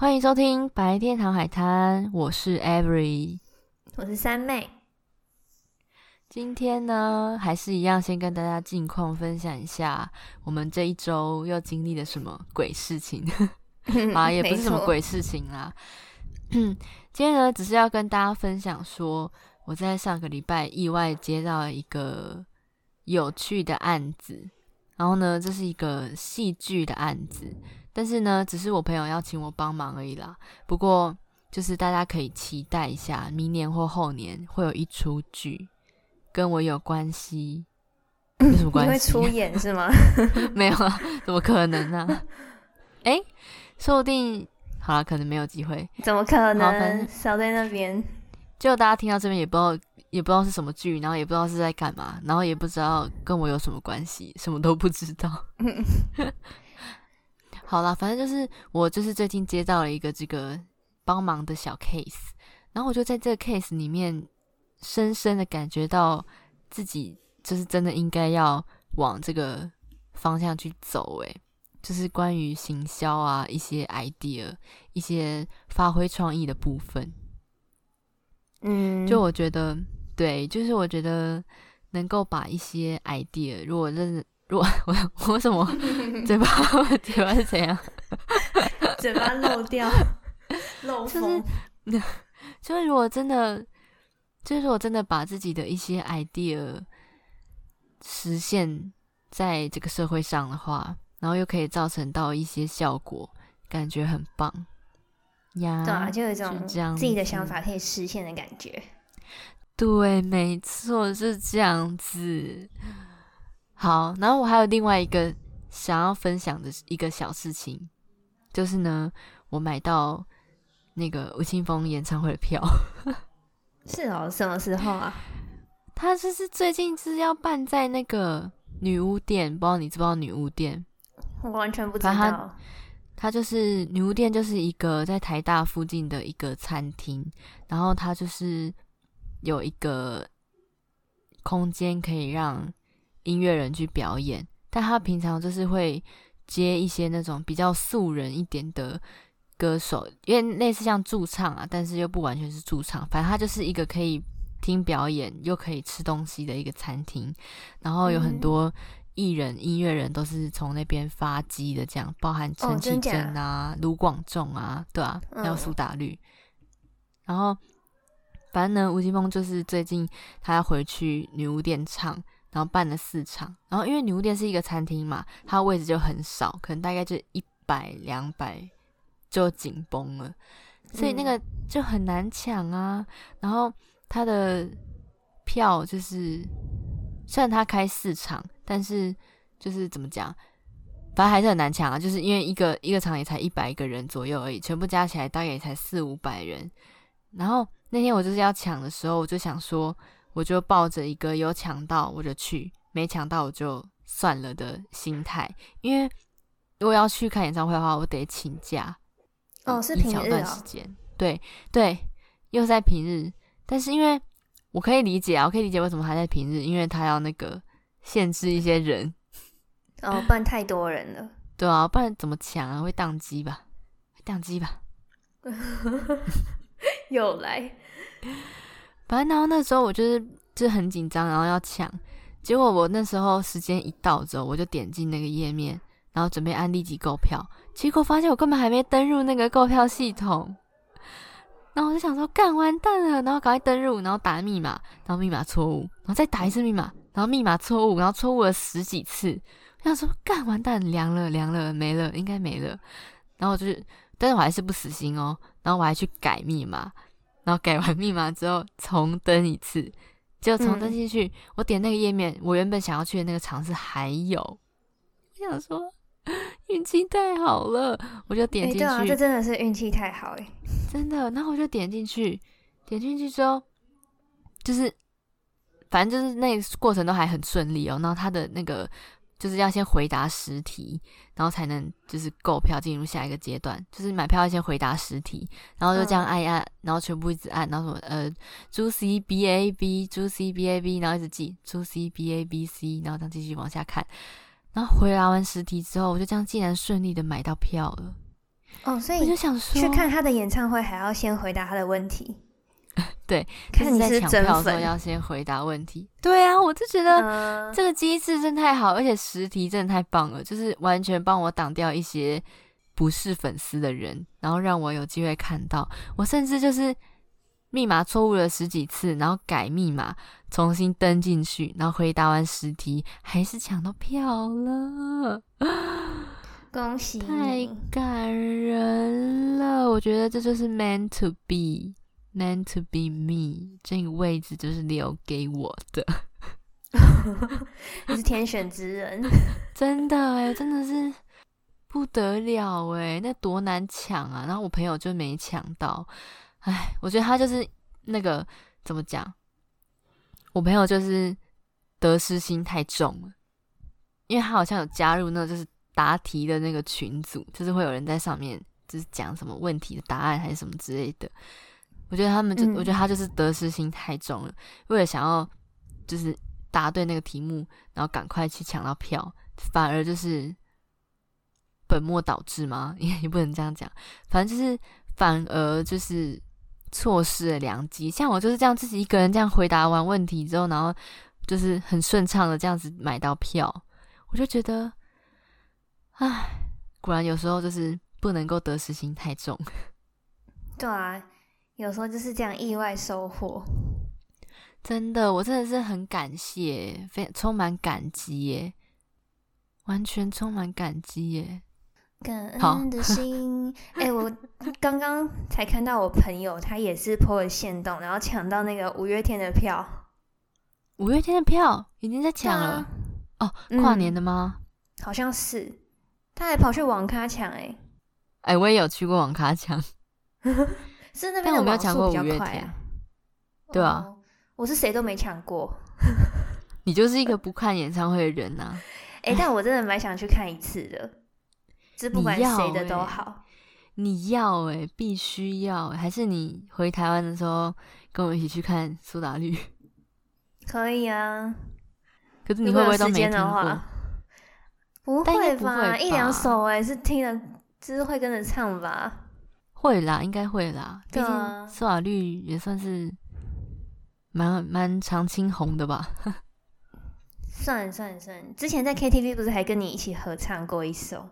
歡迎收聽《白天堂海灘》，我是 Avery，我是三妹。今天呢，還是一樣，先跟大家近況分享一下，我們這一週又經歷了什麼鬼事情。 啊，也不是什麼鬼事情啦。 今天呢，只是要跟大家分享說，我在上個禮拜意外接到了一個有趣的案子，然後呢，這是一個戲劇的案子。但是呢，只是我朋友要請我幫忙而已啦。不過就是大家可以期待一下，明年或後年會有一出劇跟我有關係，有什麼關係？你會出演是嗎？ 沒有啊，怎麼可能呢、啊？哎、欸，說不定好了、啊，可能沒有機會。怎麼可能？少、啊、在那邊，就大家聽到這邊也不知道，也不知道是什麼劇，然後也不知道是在幹嘛，然後也不知道跟我有什麼關係，什麼都不知道。 好啦，反正就是我，就是最近接到了一個這個幫忙的小 case，然後我就在這個 case 裡面，深深的感覺到自己就是真的應該要往這個方向去走，欸，誒，就是關於行銷啊，一些 idea，一些發揮創意的部分，嗯，就我覺得，對，就是我覺得能夠把一些 idea，如果認。如果我我我為什麼嘴巴嘴巴是怎樣？ 嘴巴漏掉 漏風。就是就如果真的，就是如果真的把自己的一些 idea 實現在這個社會上的話，然後又可以造成到一些效果，感覺很棒。呀，對啊，就有一種這樣自己的想法可以實現的感覺。對，沒錯，是這樣子。好，然後我還有另外一個想要分享的一個小事情，就是呢，我買到那個吳青峰演唱會的票。是哦，什麼時候啊？他就是最近是要辦在那個女巫店，不知道你知不知道女巫店？我完全不知道。他，他就是女巫店，就是一個在台大附近的一個餐廳，然後它就是有一個空間可以讓。音樂人去表演，但他平常就是會接一些那種比較素人一點的歌手，因為類似像駐唱啊，但是又不完全是駐唱。反正他就是一個可以聽表演又可以吃東西的一個餐廳，然後有很多藝人、嗯、音樂人都是從那邊發跡的，這樣，包含陳綺貞啊、哦、真的假的、盧廣仲啊，對啊，嗯、還有蘇打綠。然後，反正呢，吳青峰就是最近他要回去女巫店唱，然後辦了四場，然後因為女巫店是一個餐廳嘛，它位置就很少，可能大概就一百兩百就緊繃了，所以那個就很難搶啊。嗯、然後他的票就是，雖然他開四場，但是就是怎麼講，反正還是很難搶啊。就是因為一個一個場也才一百個人左右而已，全部加起來大概也才四五百人。然後那天我就是要搶的時候，我就想說。我就抱着一個有搶到我就去，沒搶到我就算了的心態，因為如果要去看演唱會的話，我得請假。哦，嗯、是平日哦，一段時間對對，又在平日。但是因為我可以理解啊，我可以理解為什麼還在平日，因為他要那個限制一些人。哦，不然太多人了。 對啊，不然怎麼搶啊？會宕機吧？宕機吧。又 來。反正然後那時候我就是就是很緊張，然後要搶，結果我那時候時間一到之後，我就點進那個頁面，然後準備按立即購票，結果發現我根本還沒登入那個購票系統。然後我就想說，幹完蛋了，然後趕快登入，然後打密碼，然後密碼錯誤，然後再打一次密碼，然後密碼錯誤，然後錯誤了十幾次，我想說，幹完蛋涼了涼了，涼了沒了，應該沒了。然後就是，但是我還是不死心哦，然後我還去改密碼。然後改完密碼之後重登一次，結果重登進去，嗯、我點那個頁面，我原本想要去的那個場次還有，我想說運氣太好了，我就點進去，欸對啊。這真的是運氣太好誒，真的。然後我就點進去，點進去之後，就是反正就是那過程都還很順利哦。然後他的那個。就是要先回答實題，然後才能就是購票進入下一個階段。就是買票要先回答實題，然後就這樣按一按，然後全部一直按，然後什麼呃，朱 c b a b，朱 c b a b，然後一直記，朱 c b a b c，然後再繼續往下看。然後回答完實題之後，我就這樣竟然順利的買到票了。哦，所以我就想說去看他的演唱會，還要先回答他的問題。對，可是你在搶票的時候要先回答問題。對啊，我就覺得這個機制真太好，uh, 而且實題真的太棒了，就是完全幫我擋掉一些不是粉絲的人，然後讓我有機會看到。我甚至就是密碼錯誤了十幾次，然後改密碼重新登進去，然後回答完實題，還是搶到票了。 恭喜！太感人了，我覺得這就是 meant to be。Meant to be me，這個位置就是留給我的，你 是天選之人，真的哎，真的是不得了哎，那多難搶啊！然後我朋友就沒搶到，哎，我覺得他就是那個怎麼講，我朋友就是得失心太重了，因為他好像有加入那個就是答題的那個群組，就是會有人在上面就是講什麼問題的答案還是什麼之類的。我覺得他們就，嗯、我覺得他就是得失心太重了。為了想要就是答對那個題目，然後趕快去搶到票，反而就是本末倒置嗎？也 也不能這樣講。反正就是反而就是錯失了良機。像我就是這樣自己一個人這樣回答完問題之後，然後就是很順暢的這樣子買到票，我就覺得，哎，果然有時候就是不能夠得失心太重。對、啊。有時候就是這樣，意外收穫。真的，我真的是很感謝，非常充滿感激耶，完全充滿感激耶，感恩的心。哎好、 欸，我剛剛才看到我朋友，他也是 po 了限動，然後搶到那個月五月天的票。五月天的票已經在搶了，他哦，跨年的嗎、嗯？好像是，他還跑去網咖搶哎。哎、欸，我也有去過網咖搶。 啊、但我邊有網速比較快，對啊，對吧我是誰都沒搶過， 你就是一個不看演唱會的人吶、啊。哎、欸，唉但我真的蠻想去看一次的，這不管誰的都好。你要哎、欸欸，必須要、欸，還是你回台灣的時候跟我一起去看蘇打綠？可以啊，可是你會不會都沒聽過，不會吧，會吧，一兩首哎、欸，是聽了就是會跟着唱吧。會啦，應該會啦。啊、畢竟施瓦綠也算是蠻蠻常青紅的吧。算算算，之前在 KTV 不是還跟你一起合唱過一首？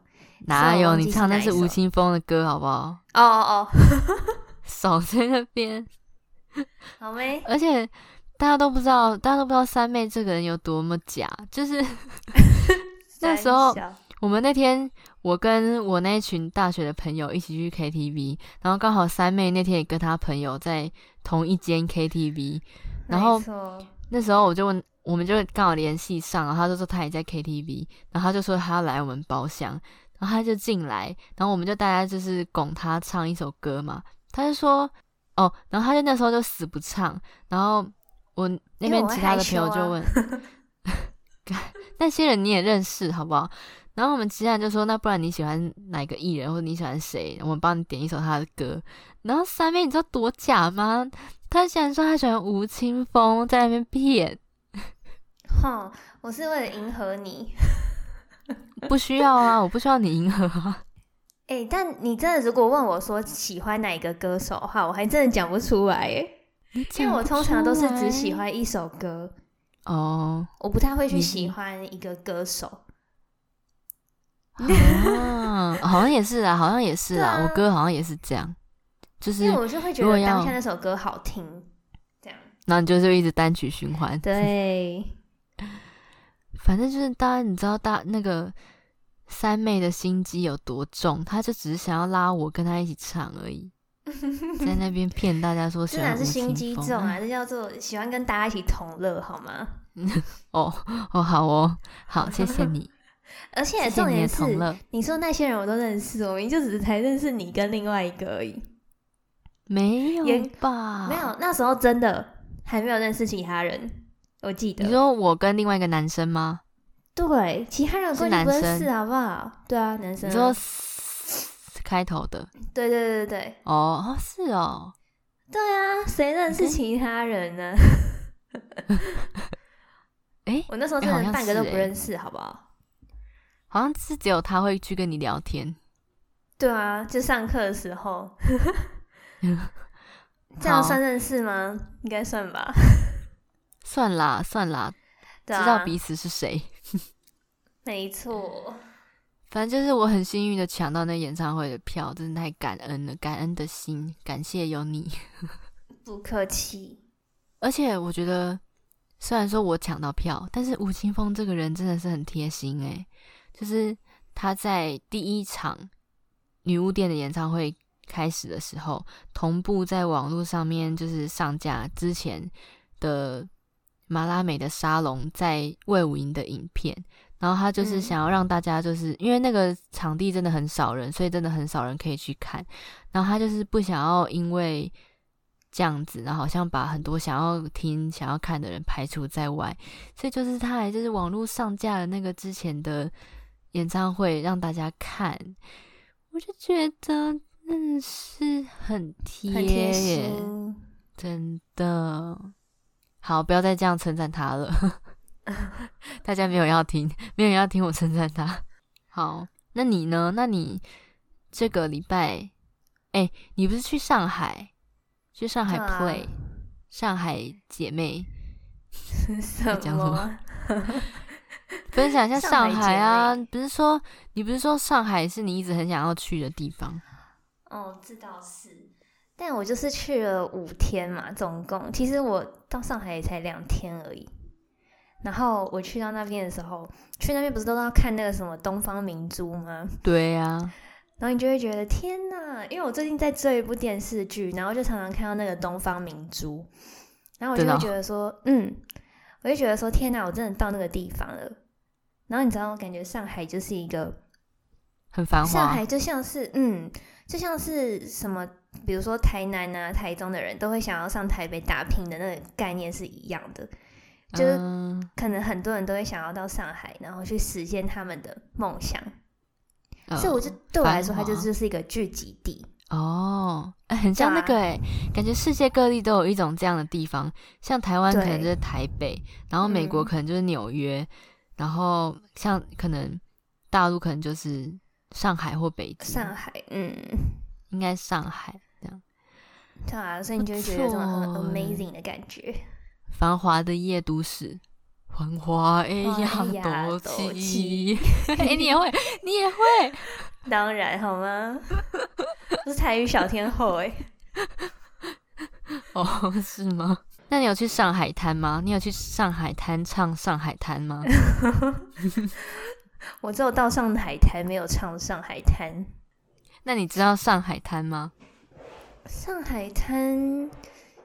哪有，你唱的是吳青峰的歌好不好？哦哦哦，少在那邊 好沒，好唄。而且大家都不知道，大家都不知道三妹這個人有多麼假。就是 小 那時候，我們那天。我跟我那一群大學的朋友一起去 KTV，然後剛好三妹那天也跟她朋友在同一間 KTV，然後沒錯。那時候我就問，我們就剛好聯繫上，然後他就說他也在 KTV，然後他就說他要來我們包廂，然後他就進來，然後我們就大家就是拱他唱一首歌嘛，他就說哦，然後他就那時候就死不唱，然後我那邊其他的朋友就問，欸啊、 那些人你也認識好不好？然後我們既然就說，那不然你喜歡哪個藝人，或者你喜歡誰？我們幫你點一首他的歌。然後三妹，你知道多假嗎？他竟然說他喜歡吳青峰，在那邊騙。哼、哦，我是為了迎合你。 不需要啊，我不需要你迎合、啊。哎 欸，但你真的如果問我說喜歡哪一個歌手的話，我還真的講不出來。出來。因為像我通常都是只喜歡一首歌。哦，我不太會去喜歡一個歌手。 哦，好像也是啊，好像也是啦啊，我哥好像也是這樣，就是因為我就會覺得當下那首歌好聽，這樣。那你就是一直單曲循環，對。 反正就是，當然你知道大那個三妹的心機有多重，他就只是想要拉我跟他一起唱而已，在那邊騙大家說喜歡。 這哪是心機重啊？這 叫做喜歡跟大家一起同樂，好嗎？ 哦哦，好哦，好， 謝謝你。而且謝謝的同重點是，你說那些人我都認識，我們就只才認識你跟另外一個而已，沒有吧也？沒有，那時候真的還沒有認識其他人，我記得。你說我跟另外一個男生嗎？對，其他人是男生，是好不好？對啊，男生、啊。你說是開頭的？對對對對對。哦，oh, 是哦。對啊，誰認識其他人呢？我那時候真的、欸欸、半個都不認識，好不好？好像是只有他會去跟你聊天。對啊，就上課的時候， 這樣算認識嗎？好應該算吧。算啦，算啦，啊、知道彼此是誰。 沒錯錯，反正就是我很幸運的搶到那演唱會的票，真的太感恩了，感恩的心，感謝有你。 不客氣。而且我覺得，雖然說我搶到票，但是吳青峰這個人真的是很貼心哎、欸。就是他在第一場女巫店的演唱會開始的時候，同步在網絡上面就是上架之前的馬拉美的沙龍在衛武營的影片，然後他就是想要讓大家就是、嗯、因為那個場地真的很少人，所以真的很少人可以去看，然後他就是不想要因為這樣子，然後好像把很多想要聽、想要看的人排除在外，所以就是他還就是網絡上架了那個之前的。演唱會讓大家看，我就覺得那是很貼心，真的。好，不要再這樣稱讚他了。 大家沒有要聽，沒有要聽我稱讚他。好，那你呢？那你這個禮拜，哎、欸，你不是去上海？去上海 play？、啊、上海姐妹？是什麼？分享一下上海啊！海不是說你不是說上海是你一直很想要去的地方？哦，這倒是。但我就是去了五天嘛，總共其實我到上海也才兩天而已。然後我去到那邊的時候，去那邊不是都要看那個什麼東方明珠嗎？對呀、啊。然後你就會覺得天哪！因為我最近在追一部電視劇，然後就常常看到那個東方明珠，然後我就會覺得說，對了。嗯。我就覺得說天哪，我真的到那個地方了。然後你知道，我感覺上海就是一個很繁華，上海就像是嗯，就像是什麼，比如說台南啊、台中的人都會想要上台北打拼的那個概念是一樣的，就是可能很多人都會想要到上海，然後去實現他們的夢想。所以，我就對我來說，它就就是一個聚集地。哦，很像那個誒，啊、感覺世界各地都有一種這樣的地方，像台灣可能就是台北，對然後美國可能就是紐約，嗯、然後像可能大陸可能就是上海或北京。上海，嗯，應該上海，這樣。上海，所以你就會覺得這種很 amazing 的感覺，繁華的夜都市。繁花一樣多奇，哎、欸 欸，你也會，你也會， 當然好嗎？ 我是台語小天后哎、欸，哦，oh, 是嗎？那你有去上海灘嗎？你有去上海灘唱上海灘嗎？ 我只有到上海灘，沒有唱上海灘。 那你知道上海灘嗎？上海灘，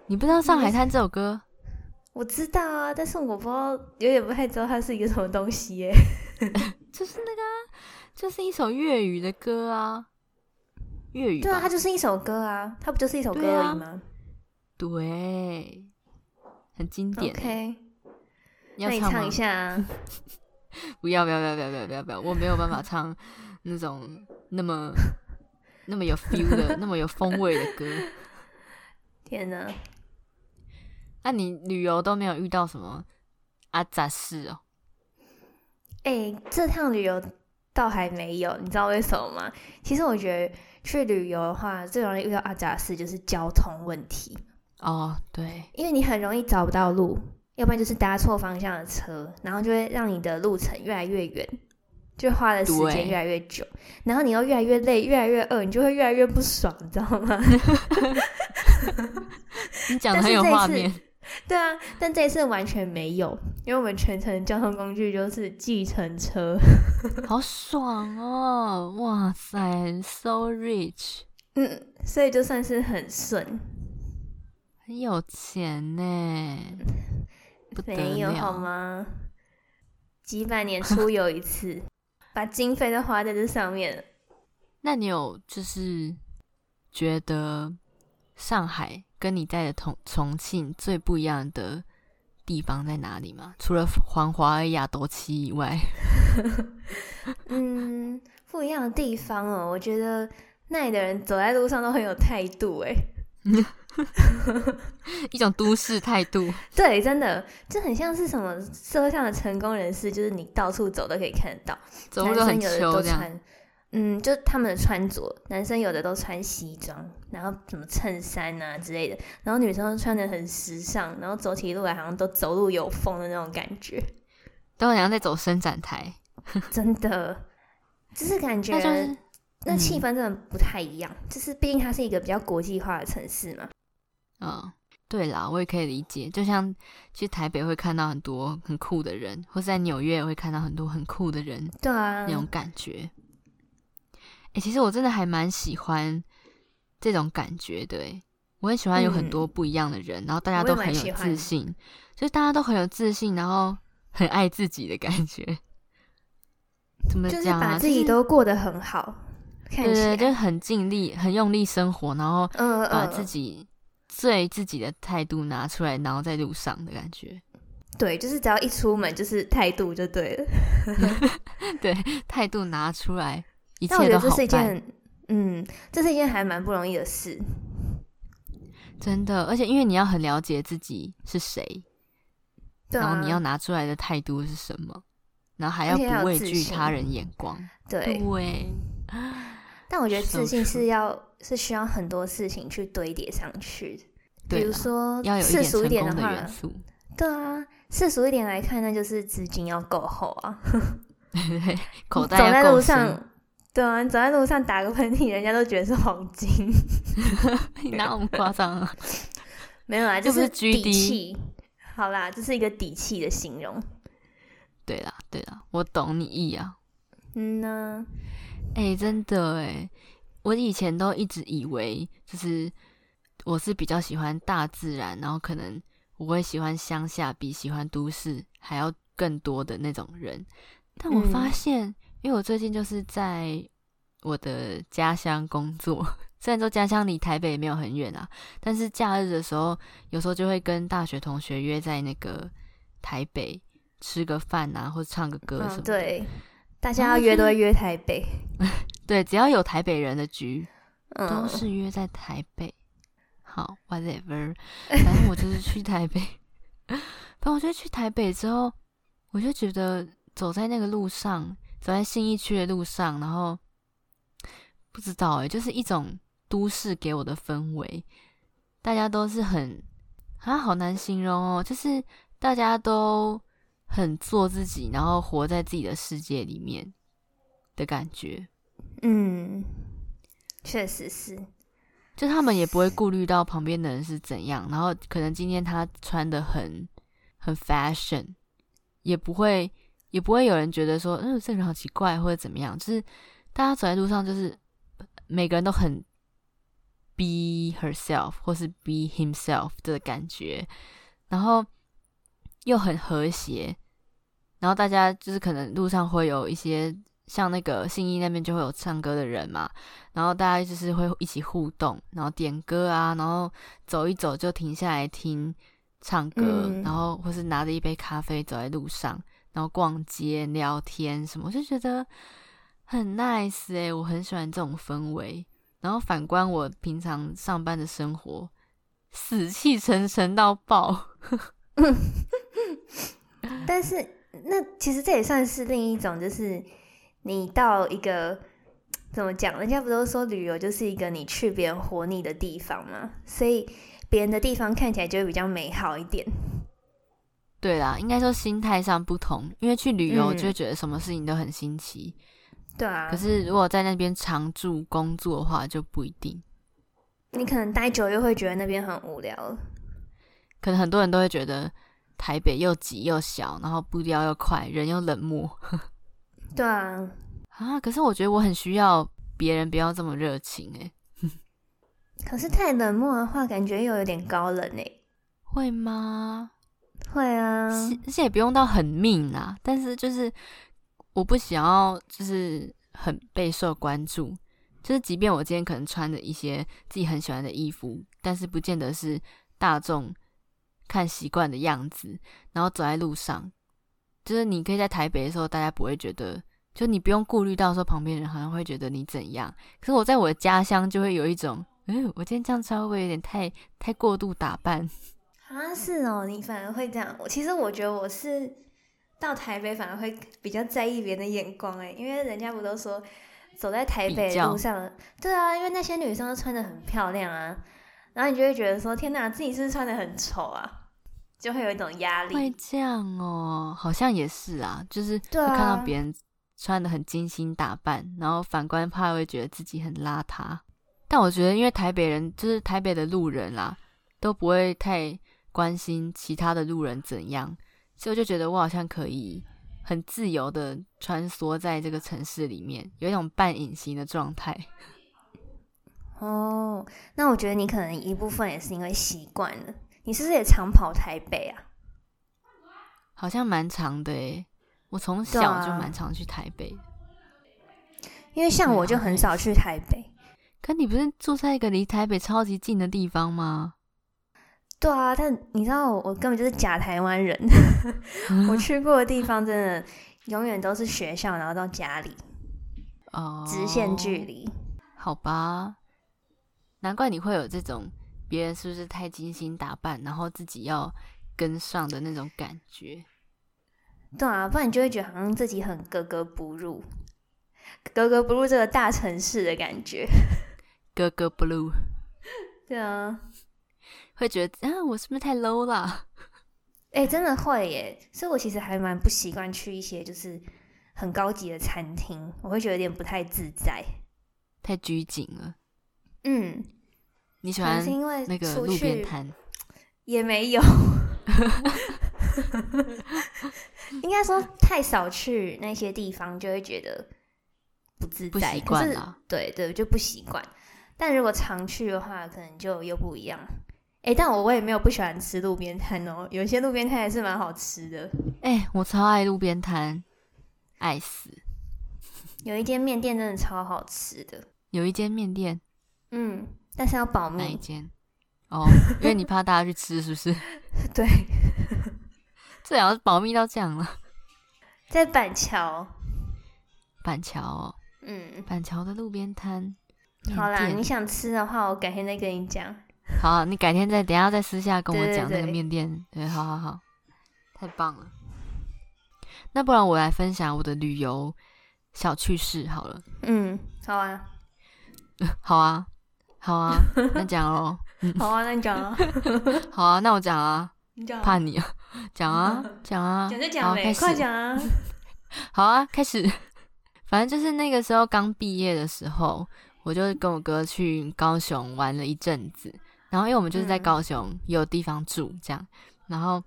你不知道上海灘這首歌？ 我知道啊，但是我不知道，有點不太知道它是一個什麼東西耶、欸。 就是那個、啊，就是一首粵語的歌啊。粵語對啊，它就是一首歌啊，它不就是一首歌而已嗎對、啊？對，很經典。OK，你要唱，那你唱一下、啊 不要。不要不要不要不要不要不要！我沒有辦法唱那種那麼 那麼有 feel 的、 那麼有風味的歌。天啊！那、啊、你旅遊都沒有遇到什麼阿、啊、雜事哦、喔？哎、欸，這趟旅遊倒還沒有，你知道為什麼嗎？其實我覺得去旅遊的話，最容易遇到阿、啊、雜事就是交通問題哦。對，因為你很容易找不到路，要不然就是搭錯方向的車，然後就會讓你的路程越來越遠，就花的時間越來越久，對然後你又越來越累，越來越餓，你就會越來越不爽，你知道嗎？ 你講的很有畫面。 對啊，但這一次完全沒有，因為我們全程交通工具就是計程車， 好爽哦！哇塞 ，so rich，嗯，所以就算是很順，很有錢呢， 不得了，沒有好嗎？幾百年出遊一次， 把經費都花在這上面，那你有就是覺得上海？跟你在的重重慶最不一樣的地方在哪裡嗎？除了繁華而亞朵氣以外， 嗯，不一樣的地方哦，我覺得那裡的人走在路上都很有態度哎， 一種都市態度， 對，真的這很像是什麼社會上的成功人士，就是你到處走都可以看得到，走路都很秋這樣嗯，就他們的穿着，男生有的都穿西裝，然後什麼襯衫啊之類的，然後女生都穿得很時尚，然後走起路來好像都走路有風的那種感覺，都好像在走伸展台， 真的，只是感覺，那就是那氣氛真的不太一樣，嗯、就是畢竟它是一個比較國際化的城市嘛。嗯，對啦，我也可以理解，就像去台北會看到很多很酷的人，或是在紐約也會看到很多很酷的人，對啊，那種感覺。哎、欸，其實我真的還蠻喜歡這種感覺，對。我很喜歡有很多不一樣的人，嗯、然後大家都很有自信，就是大家都很有自信，然後很愛自己的感覺。怎麼講、啊、就是把自己都過得很好，就是，對對，就很盡力、很用力生活，然後把自己 uh, uh. 最自己的態度拿出來，然後在路上的感覺。對，就是只要一出門，就是態度就對了。 對，態度拿出來。但我覺得這是一件，嗯，這是一件還蠻不容易的事，真的。而且因為你要很了解自己是誰，啊、然後你要拿出來的態度是什麼，然後還要不畏懼他人眼光，對。對 但我覺得自信是要是需要很多事情去堆疊上去，了比如說世俗一,一點的元素。對啊，世俗一點來看，那就是資金要夠厚啊， 口袋夠深對啊，你走在路上打個噴嚏，人家都覺得是黃金。 你哪有這麼誇張啊？ 沒有啊啦，這是底氣。好啦，這、就是一個底氣的形容。對啦，對啦，我懂你意啊。嗯呢那，哎、欸，真的哎，我以前都一直以為，就是我是比較喜歡大自然，然後可能我會喜歡鄉下，比喜歡都市還要更多的那種人。但我發現、嗯。因為我最近就是在我的家鄉工作，雖然說家鄉離台北沒有很遠啊，但是假日的時候，有時候就會跟大學同學約在那個台北吃個飯啊，或者唱個歌什麼的、嗯。對，大家要約都會約台北、啊。對，只要有台北人的局，嗯、都是約在台北。好，whatever，反正我就是去台北。 反正我就去台北之後，我就覺得走在那個路上。走在信義區的路上，然後不知道哎，就是一種都市給我的氛圍，大家都是很啊，好難形容哦，就是大家都很做自己，然後活在自己的世界裡面的感覺。嗯，確實是，就他們也不會顧慮到旁邊的人是怎樣，然後可能今天他穿得很很 fashion，也不會。也不會有人覺得說，嗯，這個人好奇怪或者怎麼樣，就是大家走在路上，就是每個人都很 be herself 或是 be himself 的感覺，然後又很和諧，然後大家就是可能路上會有一些像那個信義那邊就會有唱歌的人嘛，然後大家就是會一起互動，然後點歌啊，然後走一走就停下來聽唱歌，嗯。然後或是拿着一杯咖啡走在路上。然後逛街、聊天什麼，我就覺得很 nice 哎、欸，我很喜歡這種氛圍。然後反觀我平常上班的生活，死氣沉沉到爆。 但是，那其實這也算是另一種，就是你到一個怎麼講？人家不都說旅遊就是一個你去別人活膩的地方嘛，所以別人的地方看起來就會比較美好一點。對啦，應該說心態上不同，因為去旅遊就會覺得什麼事情都很新奇，嗯、對啊。可是如果在那邊常住工作的話，就不一定。你可能待久又會覺得那邊很無聊。可能很多人都會覺得台北又擠又小，然後步調又快，人又冷漠。 對啊。啊，可是我覺得我很需要別人不要這麼熱情哎、欸。 可是太冷漠的話，感覺又有點高冷哎、欸。會嗎？會啊，而且也不用到很命啊，但是就是我不想要，就是很備受關注。就是即便我今天可能穿着一些自己很喜歡的衣服，但是不見得是大眾看習慣的樣子。然後走在路上，就是你可以在台北的時候，大家不會覺得，就你不用顧慮到說旁邊人好像會覺得你怎樣。可是我在我的家鄉，就會有一種，嗯，我今天這樣穿會不會有點太太過度打扮？啊，是哦，你反而會這樣。我其實我覺得我是到台北反而會比較在意別人的眼光，哎，因為人家不都說，走在台北路上，比較 對啊，因為那些女生都穿的很漂亮啊，然後你就會覺得說天哪，自己是不是穿的很醜啊？就會有一種壓力。會這樣哦，好像也是啊，就是會看到別人穿的很精心打扮，然後反觀怕會覺得自己很邋遢。但我覺得因為台北人就是台北的路人啦，啊，都不會太。關心其他的路人怎樣，所以我就覺得我好像可以很自由的穿梭在這個城市裡面，有一種半隱形的狀態。哦，oh, 那我覺得你可能一部分也是因為習慣了。你是不是也常跑台北啊？好像蠻長的，我從小就蠻常去台北。對啊。因為像我就很少去台北，可 你不是住在一個離台北超級近的地方嗎？對啊，但你知道我，我根本就是假台灣人。 我去過的地方真的永遠都是學校，然後到家裡哦，直線距離。好吧，難怪你會有這種別人是不是太精心打扮，然後自己要跟上的那種感覺。對啊，不然你就會覺得好像自己很格格不入，格格不入這個大城市的感覺。格格不入。對啊。會覺得啊，我是不是太 low 了？哎、欸，真的會耶。所以，我其實還蠻不習慣去一些就是很高級的餐廳，我會覺得有點不太自在，太拘謹了。嗯，你喜歡是因為出去那個路邊攤？也沒有， 應該說太少去那些地方，就會覺得不自在，不習慣。對對，就不習慣。但如果常去的話，可能就又不一樣。哎、欸，但我我也沒有不喜歡吃路邊攤哦，有些路邊攤也是蠻好吃的。哎、欸，我超愛路邊攤，愛死！有一間麵店真的超好吃的， 有一間麵店，嗯，但是要保密。哪一間？哦，因為你怕大家去吃，是不是？ 對， 這也要保密到這樣了。在板橋。板橋哦。嗯。板橋的路邊攤。好啦，你想吃的話，我改天再跟你講。好、啊，你改天再等一下再私下跟我講那個麵店。對，對，對，對，好好好，太棒了。那不然我來分享我的旅遊小趣事好了。嗯好、啊呃，好啊，好啊，好啊， 那講咯。好啊，那你講啊。 好啊，那我講啊。你講啊，怕你啊？講啊，講啊，講就講唄，快講啊。好啊，開始。反正就是那個時候剛畢業的時候，我就跟我哥去高雄玩了一陣子。然後因為我們就是在高雄有地方住這樣，嗯、然後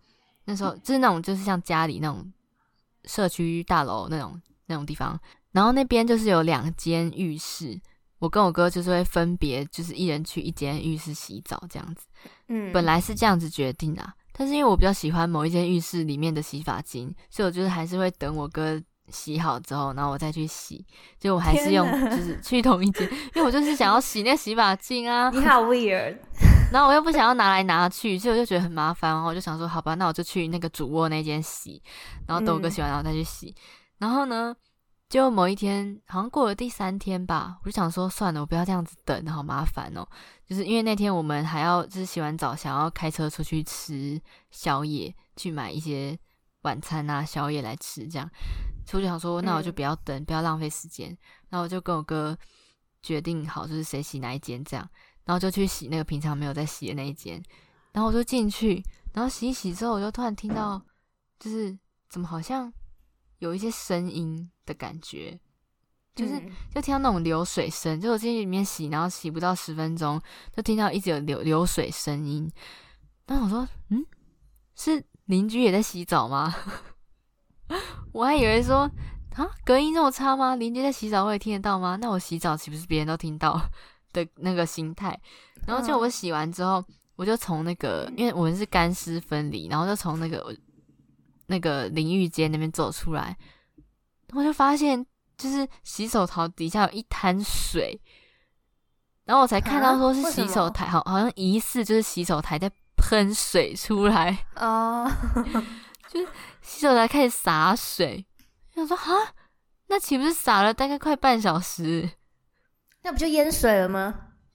那時候就是那種就是像家裡那種社區大樓那種那種地方，然後那邊就是有兩間浴室，我跟我哥就是會分別就是一人去一間浴室洗澡這樣子，嗯，本來是這樣子決定的、啊，但是因為我比較喜歡某一間浴室裡面的洗髮精，所以我就是還是會等我哥洗好之後，然後我再去洗，所以我還是用就是去同一間，哪因為我就是想要洗那洗髮精啊，你好 weird。 然後我又不想要拿來拿去，所以我就覺得很麻煩哦。然後我就想說，好吧，那我就去那個主臥那間洗，然後等我哥洗完，然後再去洗。然後呢，就某一天，好像過了第三天吧，我就想說，算了，我不要這樣子等，好麻煩哦。就是因為那天我們還要就是洗完澡，想要開車出去吃宵夜，去買一些晚餐啊、宵夜來吃，這樣。所以我就想說，那我就不要等，嗯，不要浪費時間。然後我就跟我哥決定好，就是誰洗哪一間這樣。然後就去洗那個平常沒有在洗的那一間，然後我就進去，然後洗一洗之後，我就突然聽到，就是怎麼好像有一些聲音的感覺，就是就聽到那種流水聲。嗯、就我進去裡面洗，然後洗不到十分鐘，就聽到一直有流流水聲音。然後我說：“嗯，是鄰居也在洗澡嗎？” 我還以為說啊，隔音這麼差嗎？鄰居在洗澡我也聽得到嗎？那我洗澡豈不是別人都聽到？的那個心態，然後就我洗完之後，嗯、我就從那個因為我們是乾濕分離，然後就從那個那個淋浴間那邊走出來，然後我就發現就是洗手槽底下有一灘水，然後我才看到說是洗手台，啊、好好像疑似就是洗手台在噴水出來啊， 就是洗手台開始灑水，想說啊，那豈不是灑了大概快半小時？那不就淹水了嗎？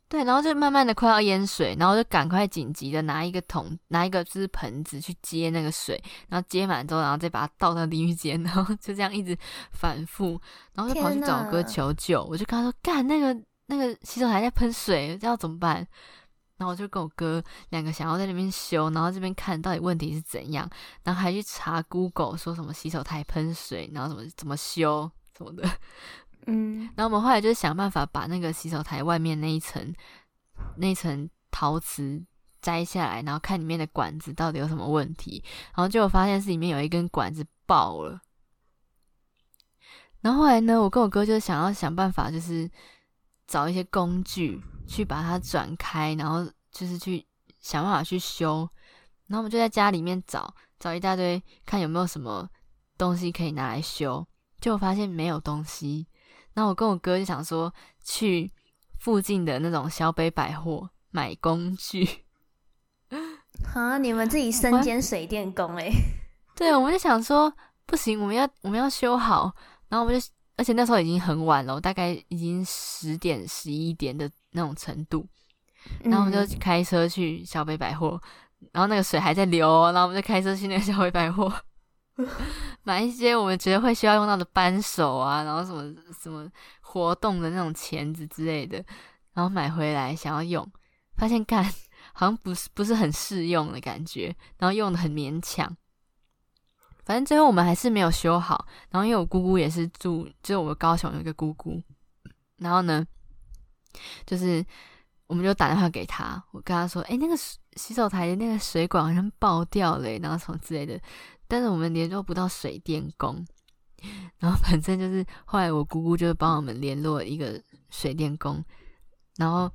對，然後就慢慢的快要淹水，然後就趕快緊急的拿一個桶，拿一個就是盆子去接那個水，然後接滿之後，然後再把它倒到淋浴間，然後就這樣一直反覆，然後就跑去找哥求救，天哪。我就跟他說幹那個那個洗手台在噴水，這要怎麼辦？然後我就跟我哥兩個想要在那邊修，然後這邊看到底問題是怎樣，然後還去查 Google 說什麼洗手台噴水，然後怎麼怎麼修什麼的。嗯，然後我們後來就是想辦法把那個洗手台外面那一層那一層陶瓷摘下來，然後看裡面的管子到底有什麼問題。然後就發現是裡面有一根管子爆了。然後後來呢，我跟我哥就是想要想辦法，就是找一些工具去把它轉開，然後就是去想辦法去修。然後我們就在家裡面找找一大堆，看有沒有什麼東西可以拿來修。結果發現沒有東西。那我跟我哥就想說去附近的那種小北百貨買工具，啊！你們自己身兼水電工哎、欸。 對，我們就想說不行，我們要我們要修好。然後我們就，而且那時候已經很晚了，大概已經十點十一點的那種程度。然後我們就開車去小北百貨，然後那個水還在流，然後我們就開車去那個小北百貨。買一些我們覺得會需要用到的扳手啊，然後什麼什麼活動的那種鉗子之類的，然後買回來想要用，發現幹好像不是不是很適用的感覺，然後用得很勉強。反正最後我們還是沒有修好。然後因為我姑姑也是住，就是我高雄有一個姑姑，然後呢，就是我們就打電話給她，我跟她說：“誒、欸，那個洗手台的那個水管好像爆掉了、欸，然後什麼之類的。”但是我們聯絡不到水電工，然後反正就是後來我姑姑就幫我們聯絡了一個水電工，然後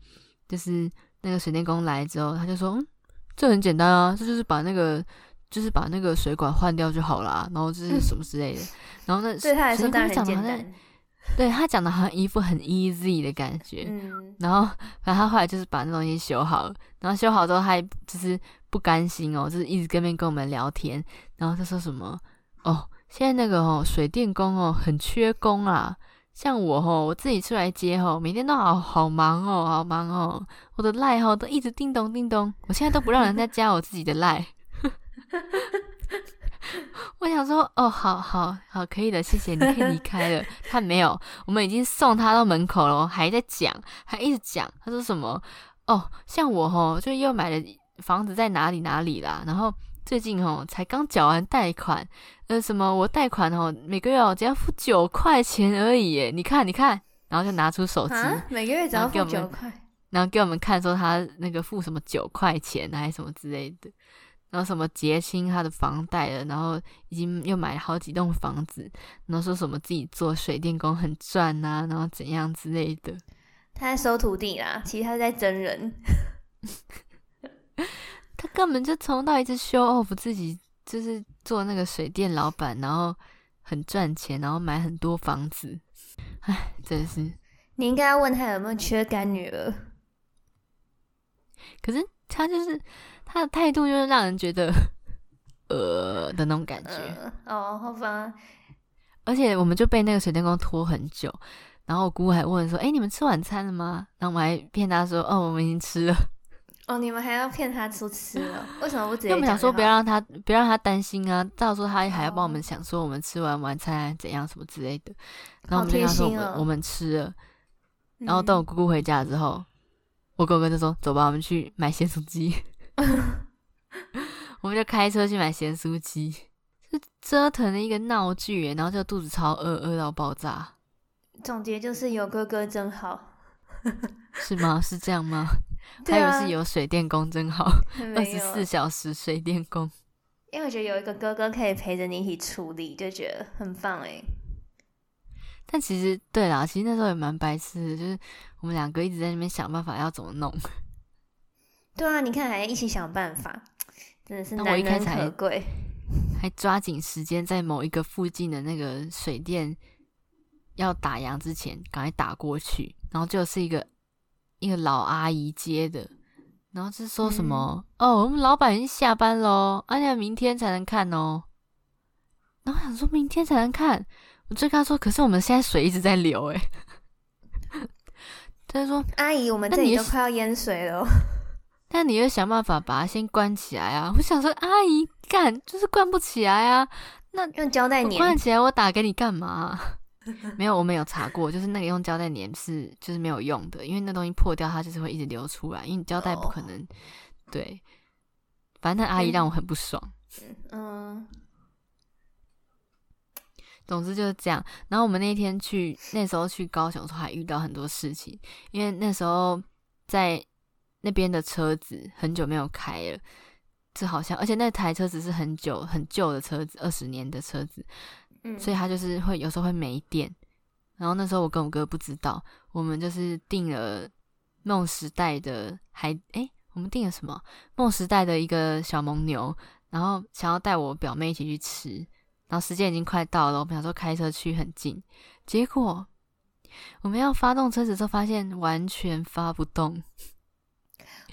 就是那個水電工來之後，他就說：“嗯、這很簡單啊，這就是把那個就是把那個水管換掉就好啦，然後就是什麼之類的。嗯”然後那水電工講的，對他講的好像一副很 easy 的感覺。嗯、然後，反正他後來就是把那東西修好，然後修好之後，他就是。不甘心哦，就是一直跟面跟我們聊天，然後他說什麼哦，現在那個哦水電工哦很缺工啦，像我哦，我自己出來接哦，每天都好好忙哦，好忙哦，我的賴哦都一直叮咚叮咚，我現在都不讓人家加我自己的賴。 我想說哦，好好好，可以的，謝謝你，可以離開了。他沒有，我們已經送他到門口了，還在講，還一直講，他說什麼哦，像我哦，就又買了。房子在哪裡哪裡啦？然後最近哦、喔，才剛繳完貸款，那什麼我貸款哦、喔，每個月哦只要付九塊錢而已耶。你看你看，然後就拿出手機、啊，每個月只要付九塊，然後給我們看說他那個付什麼九塊錢、啊、還是什麼之類的，然後什麼結清他的房貸了，然後已經又買了好幾棟房子，然後說什麼自己做水電工很賺吶、啊，然後怎樣之類的。他在收徒弟啦，其實他在真人。 他根本就從到一直 show off 自己，就是做那個水電老闆，然後很賺錢，然後買很多房子。哎，真是！你應該問他有沒有缺乾女兒，嗯。可是他就是他的態度，就是讓人覺得呃的那種感覺。嗯、哦，好吧、啊。而且我們就被那個水電工拖很久，然後我姑還問說：“哎、欸，你們吃晚餐了嗎？”然後我還騙他說：“哦，我們已經吃了。”哦，oh, 你們還要騙他出吃了？ 為什麼不直接？因為我們想說不要讓他，不要 讓他擔心啊。到時候他還要幫我們想說我們吃完晚餐怎樣什麼之類的。然後我們就跟他說、喔、我，我們吃了。然後等我姑姑回家之後，嗯、我哥哥就說：“走吧，我們去買鹹酥雞。 ” 我們就開車去買鹹酥雞，就 折騰了一個鬧劇。然後就肚子超餓，餓到爆炸。總結就是有哥哥真好。 是嗎？是這樣嗎？ 啊、他以為是有水電工，真好，二十四小時水電工。因為我覺得有一個哥哥可以陪着你一起處理，就覺得很棒誒。但其實，對啦，其實那時候也蠻白痴的，就是我們兩個一直在那邊想辦法要怎麼弄。對啊，你看，還一起想辦法，真的是難能可貴。還抓緊時間，在某一個附近的那個水電要打烊之前，趕快打過去，然後就是一個。一個老阿姨接的，然後是說什麼？嗯、哦，我們老闆已經下班嘍，而、哎、且明天才能看哦。然後想說明天才能看，我就跟他說：“可是我們現在水一直在流耶。”哎，他說：“阿姨，我們這裡你都快要淹水了。”但你又想辦法把它先關起來啊！我想說，阿姨，幹就是關不起來啊！那用膠帶粘？關起來我打給你幹嘛？ 沒有，我沒有查過，就是那個用膠帶粘是就是沒有用的，因為那東西破掉，它就是會一直流出來，因為膠帶不可能。Oh. 對，反正那阿姨讓我很不爽。嗯。Mm. 總之就是這樣。然後我們那天去，那時候去高雄的時候還遇到很多事情，因為那時候在那邊的車子很久沒有開了，就好像，而且那台車子是很久很舊的車子，二十年的車子。嗯、所以他就是會有時候會沒電，然後那時候我跟我哥不知道，我們就是訂了夢時代的還，還、欸、誒，我們訂了什麼夢時代的一個小蒙牛，然後想要帶我表妹一起去吃，然後時間已經快到了，我們想說開車去很近，結果我們要發動車子之後，發現完全發不動。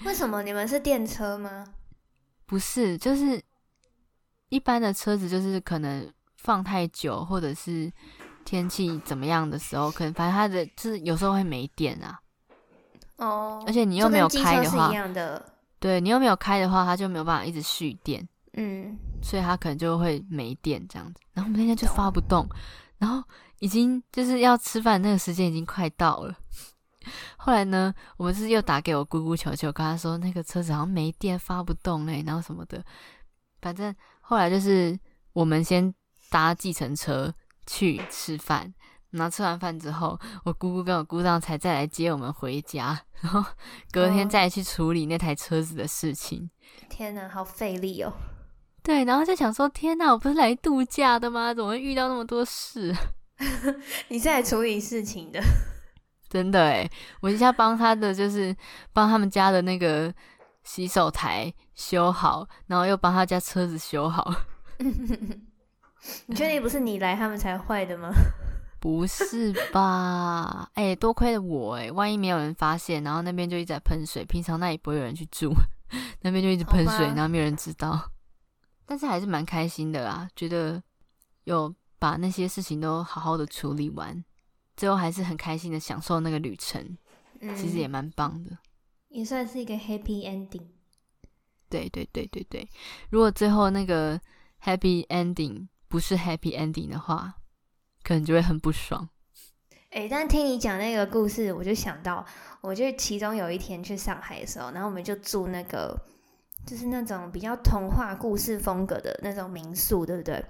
為什麼你們是電車嗎？ 不是，就是一般的車子，就是可能。放太久，或者是天氣怎麼樣的時候，可能反正它的就是有時候會沒電啊。哦，oh, 而且你又沒有開的話，的對，你又沒有開的話，它就沒有辦法一直蓄電。嗯，所以它可能就會沒電這樣子。然後我們那天就發不動，了然後已經就是要吃飯那個時間已經快到了。 後來呢，我們是又打給我姑姑求求跟他說那個車子好像沒電，發不動嘞，然後什麼的。反正後來就是我們先。搭計程車去吃飯，然後吃完飯之後，我姑姑跟我姑丈才再來接我們回家，然後隔天再來去處理那台車子的事情。天啊，好費力哦！對，然後就想說，天啊，我不是來度假的嗎？怎麼會遇到那麼多事？ 你是來處理事情的，真的哎！我一下幫他的就是幫他們家的那個洗手台修好，然後又幫他家車子修好。 你確定不是你來他們才壞的嗎？ 不是吧？哎、欸，多虧了我哎、欸，萬一沒有人發現，然後那邊就一直在噴水。平常那也不會有人去住，那邊就一直噴水，然後沒有人知道。但是還是蠻開心的啊，覺得有把那些事情都好好的處理完，最後還是很開心的享受那個旅程，嗯、其實也蠻棒的，也算是一個 happy ending。對對對對對，如果最後那個 happy ending。不是 Happy Ending 的話，可能就會很不爽。誒，但聽你講那個故事，我就想到，我就其中有一天去上海的時候，然後我們就住那個，就是那種比較童話故事風格的那種民宿，對不對？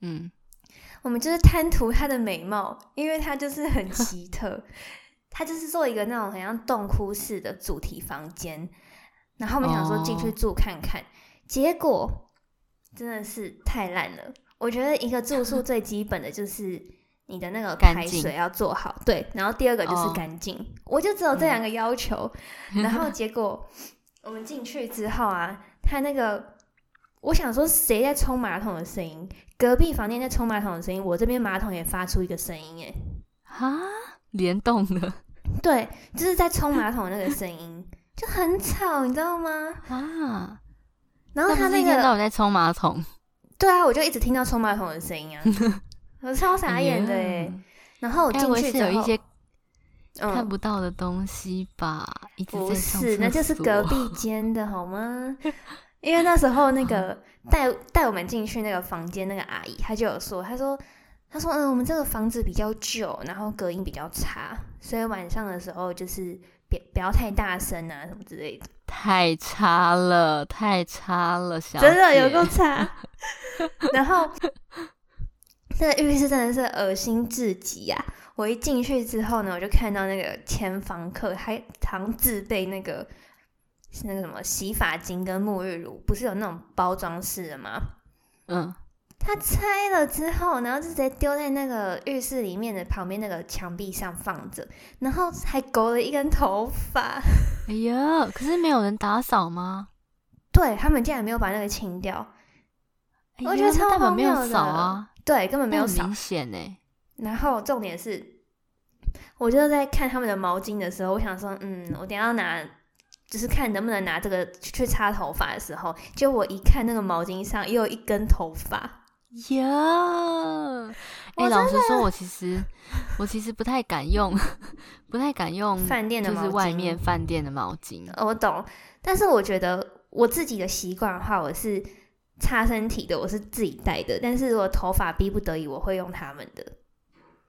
嗯，我們就是貪圖它的美貌，因為它就是很奇特， 它就是做一個那種很像洞窟式的主題房間。然後我們想說進去住看看，哦、結果真的是太爛了。我覺得一個住宿最基本的就是你的那個排水要做好，淨對，然後第二個就是乾淨，哦、我就只有這兩個要求。嗯、然後結果 我們進去之後啊，他那個我想說誰在沖馬桶的聲音，隔壁房間在沖馬桶的聲音，我這邊馬桶也發出一個聲音，誒啊，連動了，對，就是在沖馬桶的那個聲音 就很吵，你知道嗎？啊，然後他那個我在沖馬桶。對啊，我就一直聽到沖馬桶的聲音啊， 我超傻眼的誒、欸嗯、然後我進去之後，有一些看不到的東西吧，嗯、一直在上廁所。不是，那就是隔壁間的，好嗎？ 因為那時候那個帶帶 我們進去那個房間那個阿姨，她就有說，她說，她說，嗯，我們這個房子比較舊，然後隔音比較差，所以晚上的時候就是。別不要太大聲啊，什麼之類的。太差了，太差了，小真的有夠差。 然後 這個浴室真的是噁心至極啊！我一進去之後呢，我就看到那個前房客還常自備那個是那個什麼洗髮精跟沐浴乳，不是有那種包裝式的嗎？嗯。他拆了之後，然後就直接丟在那個浴室裡面的旁邊那個牆壁上放着，然後還勾了一根頭髮。哎呀，可是沒有人打掃嗎？ 對，他們竟然沒有把那個清掉，哎、呀我覺得他們沒有掃啊，對，根本沒有掃，很明顯欸。然後重點是，我就在看他們的毛巾的時候，我想說，嗯，我等一下要拿，就是看能不能拿這個去，去擦頭髮的時候，結果我一看那個毛巾上也有一根頭髮。有，哎、yeah! 欸，老實說，我其實我其實不太敢用， 不太敢用飯店的就是外面飯店的毛巾。我懂，但是我覺得我自己的習慣的話，我是擦身體的，我是自己帶的。但是如果頭髮，逼不得已，我會用他們的。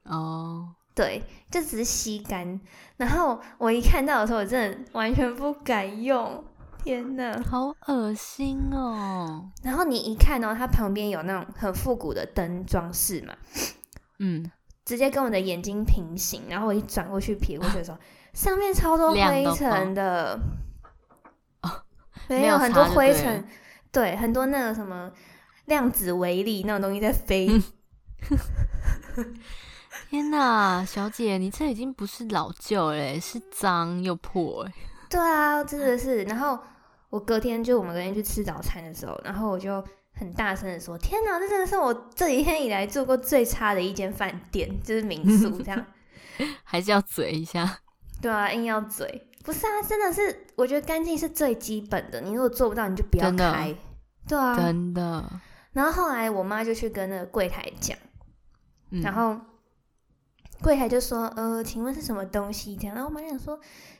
哦，oh. 對，就只是吸乾。然後我一看到的時候，我真的完全不敢用。天吶好噁心哦、喔！然後你一看到、哦、它旁邊有那種很復古的燈裝飾嘛，嗯，直接跟我的眼睛平行。然後我一轉過去瞥過去的時候，啊、上面超多灰塵的，哦、沒有，沒有很多灰塵，對，對，很多那個什麼量子微粒那種東西在飛。嗯、 天吶小姐，你這已經不是老舊嘞，是髒又破對啊，真的是。然後我隔天就我們隔天去吃早餐的時候，然後我就很大聲的說：“天啊，這真的是我這幾天以來住過最差的一間飯店，就是民宿。”這樣 還是要嘴一下。對啊，硬要嘴。不是啊，真的是，我覺得乾淨是最基本的。你如果做不到，你就不要開。的對啊，真的。然後後來我媽就去跟那個櫃檯講，嗯、然後櫃檯就說：“呃，請問是什麼東西？”這樣，然後我媽想說。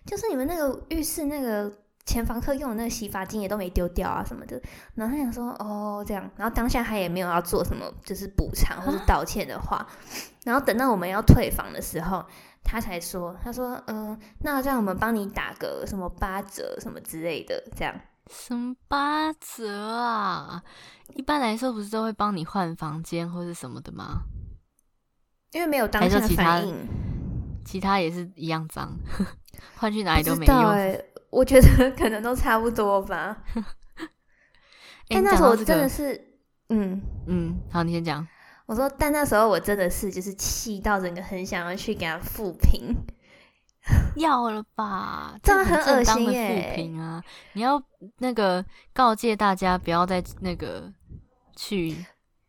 就是你們那個浴室那個前房客用的那個洗髮精也都沒丟掉啊什麼的，然後他想說哦這樣，然後當下他也沒有要做什麼就是補償或者道歉的話，啊、然後等到我們要退房的時候，他才說他說嗯、呃、那這樣我們幫你打個什麼八折什麼之類的這樣，什麼八折啊？一般來說不是都會幫你換房間或者什麼的嗎？因為沒有當下的反應。其他也是一樣髒，換去哪裡都沒有。哎、欸，我覺得可能都差不多吧。 欸、但那時候我真的是，嗯嗯，嗯好，你先講。我說，但那時候我真的是，就是氣到整個很想要去給他復評，要了吧？這樣欸、真的很惡心的復評啊，你要那個告誡大家，不要再那個去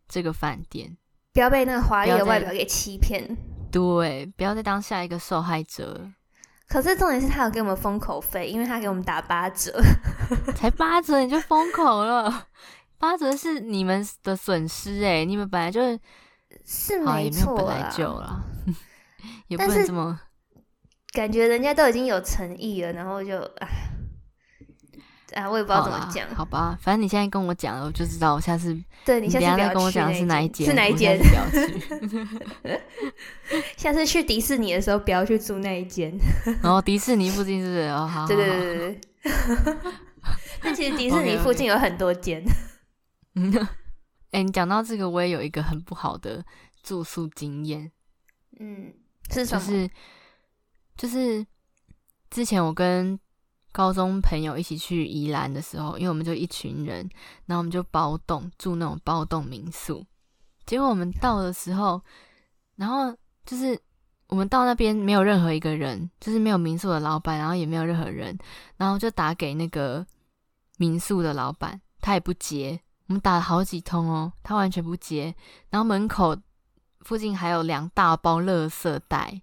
這個飯店，不要被那個華麗的外表給欺騙。對，不要再當下一個受害者。可是重點是他有給我們封口費，因為他給我們打八折， 才八折你就封口了，八折是你們的損失哎、欸，你們本來就是是沒錯，哦、也沒有本來就啦， 也不能這麼感覺人家都已經有誠意了，然後就哎。啊，我也不知道怎麼講，好吧，反正你現在跟我講了，我就知道我下次對，你下次你下跟我講的是哪一間，是哪一間，下次， 下次去迪士尼的時候，不要去住那一間。然後、哦、 迪士尼附近是哦，好，好，好，好，對對對對對。但 其實迪士尼附近有很多間。嗯，哎，你講到這個，我也有一個很不好的住宿經驗。嗯，是什麼？就是就是之前我跟。高中朋友一起去宜蘭的時候，因為我們就一群人，然後我們就包棟住那種包棟民宿。結果我們到的時候，然後就是我們到那邊沒有任何一個人，就是沒有民宿的老板，然後也沒有任何人，然後就打給那個民宿的老板，他也不接。我們打了好幾通哦，他完全不接。然後門口附近還有兩大包垃圾袋。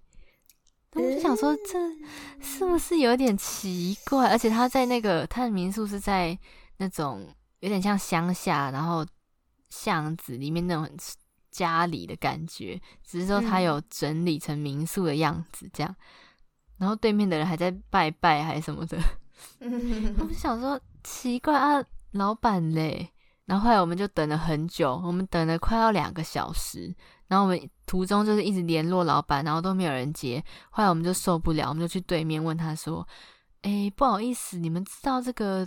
我就想說，這是不是有點奇怪？而且他在那個他的民宿是在那種有點像鄉下，然後巷子裡面那種很家裡的感覺，只是說他有整理成民宿的樣子這樣。然後對面的人還在拜拜還什麼的，我 想說奇怪啊，老板嘞。然後後來我們就等了很久，我們等了快要兩個小時。然後我們途中就是一直聯絡老闆，然後都沒有人接。後來我們就受不了，我們就去對面問他說：“哎，不好意思，你們知道這個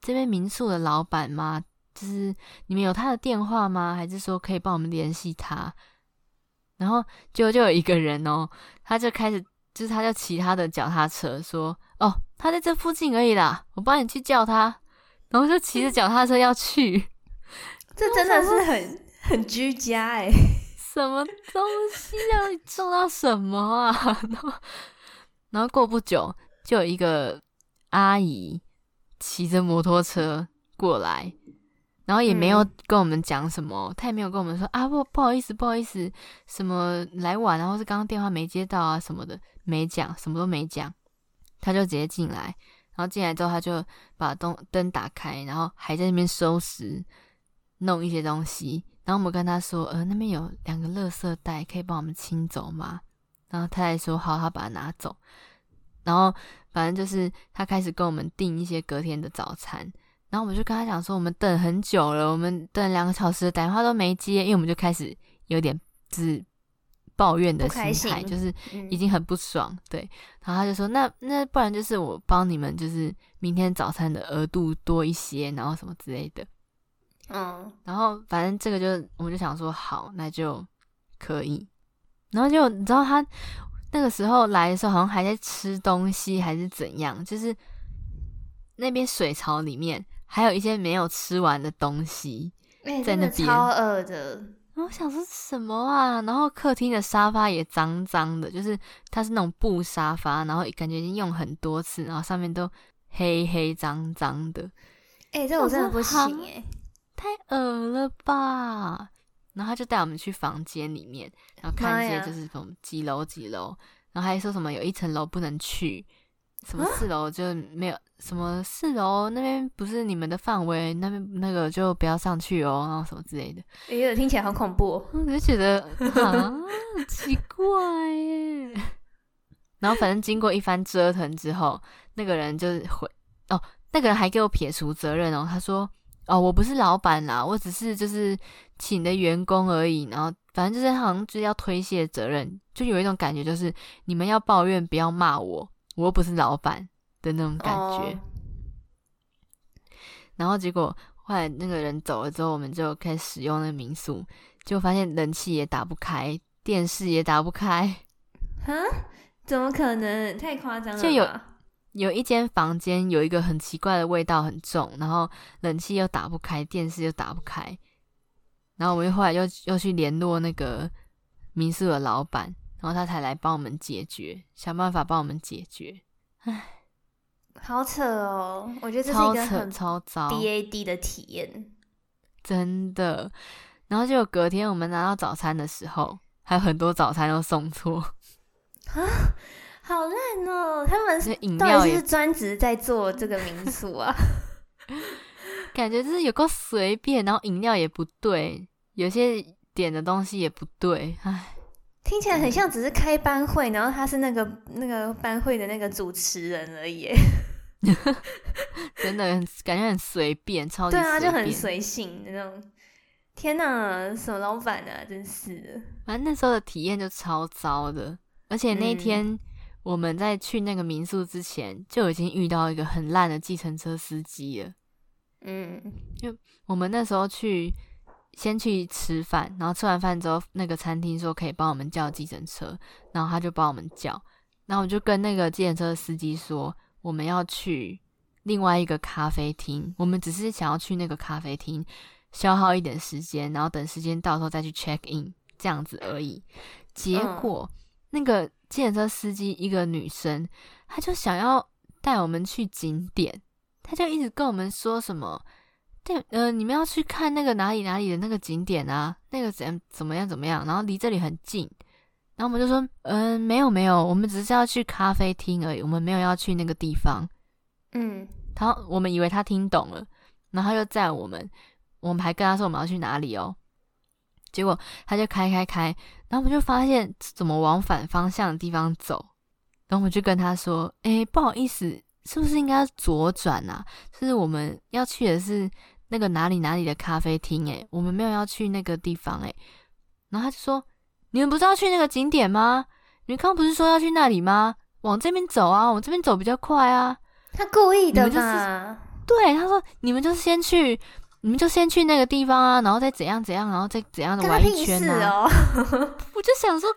這邊民宿的老闆嗎？就是你們有他的電話嗎？還是說可以幫我們聯繫他？”然後就就有一個人哦，他就開始就是他就騎他的腳踏車說：“哦，他在這附近而已啦，我幫你去叫他。”然後就騎着腳踏車要去。這真的是很很居家哎。什麼東西啊？啊你送到什麼啊？ 然後，然後過不久，就有一個阿姨騎着摩托車過來，然後也沒有跟我們講什麼，她、嗯、也沒有跟我們說啊，不不好意思，不好意思，什麼來晚啊，或是剛剛電話沒接到啊什麼的，沒講，什麼都沒講，他就直接進來，然後進來之後，他就把燈燈打開，然後還在那邊收拾，弄一些東西。然後我們跟他說：“呃，那邊有兩個垃圾袋，可以幫我們清走嗎？”然後他還說：“好，他把它拿走。”然後反正就是他開始跟我們訂一些隔天的早餐。然後我們就跟他講說：“我們等很久了，我們等兩個小時打電話都沒接。”因為我們就開始有點自抱怨的心態，不開心就是已經很不爽。嗯、對。然後他就說：“那那不然就是我幫你們，就是明天早餐的額度多一些，然後什麼之類的。”嗯，然後反正這個就我們就想說好，那就可以。然後就你知道他那個時候來的時候，好像還在吃東西還是怎樣，就是那邊水槽裡面還有一些沒有吃完的東西在那邊，欸、超噁的。然後我想說什麼啊？然後客廳的沙發也髒髒的，就是它是那種布沙發，然後感覺已經用很多次，然後上面都黑黑髒髒的。哎、欸，這個我真的不行哎、欸。太惡了吧！然後他就帶我們去房間裡面，然後看一些就是這種幾樓幾樓，哎、呀然後還說什麼有一層樓不能去，什麼四樓就沒有、啊、什麼四樓那邊不是你們的範圍，那邊那個就不要上去哦，然後什麼之類的，也有、哎、聽起來很恐怖，我就覺得啊， 奇怪耶。然後反正經過一番折騰之後，那個人就是回哦，那個人還給我撇除責任哦，他說。哦，我不是老闆啦，我只是就是請的員工而已。然後反正就是好像就是要推卸責任，就有一種感覺，就是你們要抱怨，不要罵我，我又不是老闆的那種感覺。Oh. 然後結果後來那個人走了之後，我們就開始使用那個民宿，就發現冷氣也打不開，電視也打不開。哈？Huh? 怎麼可能？太誇張了有一間房間有一個很奇怪的味道，很重，然後冷氣又打不開，電視又打不開，然後我們後來又後又又去聯絡那個民宿的老闆，然後他才來幫我們解決，想辦法幫我們解決。唉，好扯哦！我覺得這是一個很超扯、超糟 BAD 的體驗，真的。然後就隔天，我們拿到早餐的時候，還有很多早餐都送錯啊。哈好爛哦、喔！他們是飲料，到底是專職在做這個民宿啊？ 感覺就是有夠隨便，然後飲料也不對，有些點的東西也不對。哎，聽起來很像只是開班會，然後他是那個那個班會的那個主持人而已。 真的很感覺很隨便，超級，對啊，就很隨性那種。天哪，什麼老闆啊，真是的，反正那時候的體驗就超糟的，而且那一天。嗯我們在去那個民宿之前就已經遇到一個很爛的計程車司機了。嗯，就我們那時候去先去吃飯，然後吃完飯之後，那個餐廳說可以幫我們叫計程車，然後他就幫我們叫，然後我就跟那個計程車司機說我們要去另外一個咖啡廳，我們只是想要去那個咖啡廳消耗一點時間，然後等時間到時候再去 check in 這樣子而已。結果，嗯，那個。計程車司機一個女生，她就想要帶我們去景點，她就一直跟我們說什麼，對，呃，你們要去看那個哪裡哪裡的那個景點啊，那個怎怎麼樣怎麼樣，然後離這裡很近，然後我們就說，嗯、呃，沒有沒有，我們只是要去咖啡廳而已，我們沒有要去那個地方，嗯，然後我們以為他聽懂了，然後他就載我們，我們還跟他說我們要去哪裡哦。結果他就開開開，然後我們就發現怎麼往反方向的地方走，然後我就跟他說：“哎、欸，不好意思，是不是應該要左轉啊？是我們要去的是那個哪裡哪裡的咖啡廳、欸？哎，我們沒有要去那個地方哎、欸。”然後他就說：“你們不是要去那個景點嗎？你們剛剛不是說要去那裡嗎？往這邊走啊，往這邊走比較快啊。”他故意的嗎、就是？對，他說：“你們就是先去。”你們就先去那個地方啊，然後再怎樣怎樣，然後再怎樣的玩一圈呢、啊？哦、 我就想說，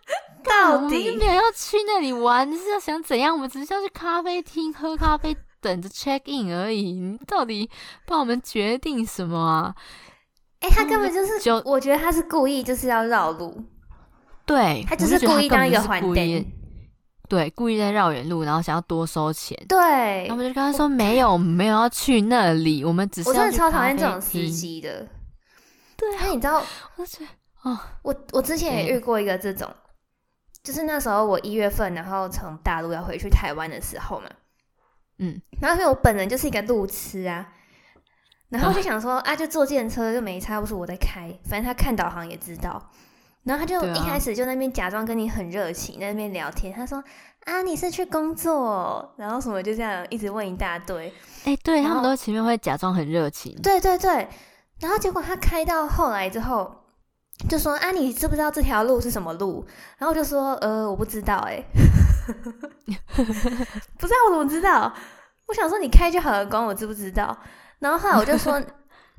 到底我們沒有要去那裡玩是要想怎樣？我們只是要去咖啡廳喝咖啡，等着 check in 而已。你到底幫我們決定什麼啊？誒、欸、他根本就是，就我覺得他是故意就是要繞路，對他就是故意當一個環丁。對，故意在繞遠路，然後想要多收錢。對，然後我們就跟他說我沒有，沒有要去那裡，我們只是要，我真的超討厭這種司機的，對啊。你知道，我覺得哦，我我之前也遇過一個這種，對就是那時候我一月份，然後從大陸要回去台灣的時候嘛，嗯，然後因為我本人就是一個路痴啊，然後就想說，哦，啊，就坐電車就沒差，不是我在開，反正他看導航也知道。然後他就一開始就那邊假裝跟你很熱情，在、啊、那邊聊天。他說：“啊，你是去工作、哦？然後什麼就這樣一直問一大堆。”哎、欸，對後他們都前面會假裝很熱情。對對對，然後結果他開到後來之後，就說：“啊，你知不知道這條路是什麼路？”然後我就說：“呃，我不知道，哎，不知道我怎麼知道？我想說你開就好了，管我知不知道。”然後後來我就說：“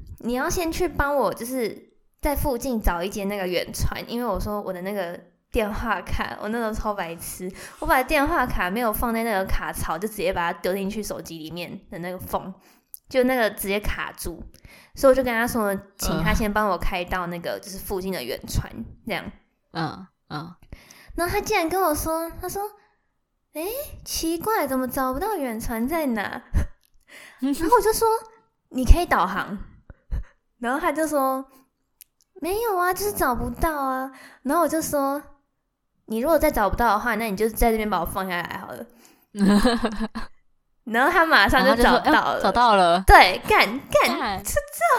你要先去幫我，就是。”在附近找一間那個遠傳。因為我說我的那個電話卡，我那時候超白痴，我把電話卡沒有放在那個卡槽，就直接把它丟進去手機裡面的那個縫，就那個直接卡住，所以我就跟他說，請他先幫我開到那個就是附近的遠傳這樣，嗯嗯，嗯然後他竟然跟我說，他說，誒、欸、奇怪，怎麼找不到遠傳在哪？嗯、然後我就說，你可以導航，然後他就說。沒有啊，就是找不到啊。然後我就說，你如果再找不到的話，那你就在這邊把我放下來好了。 然後他馬上就找到了，對找到了。對，干干，走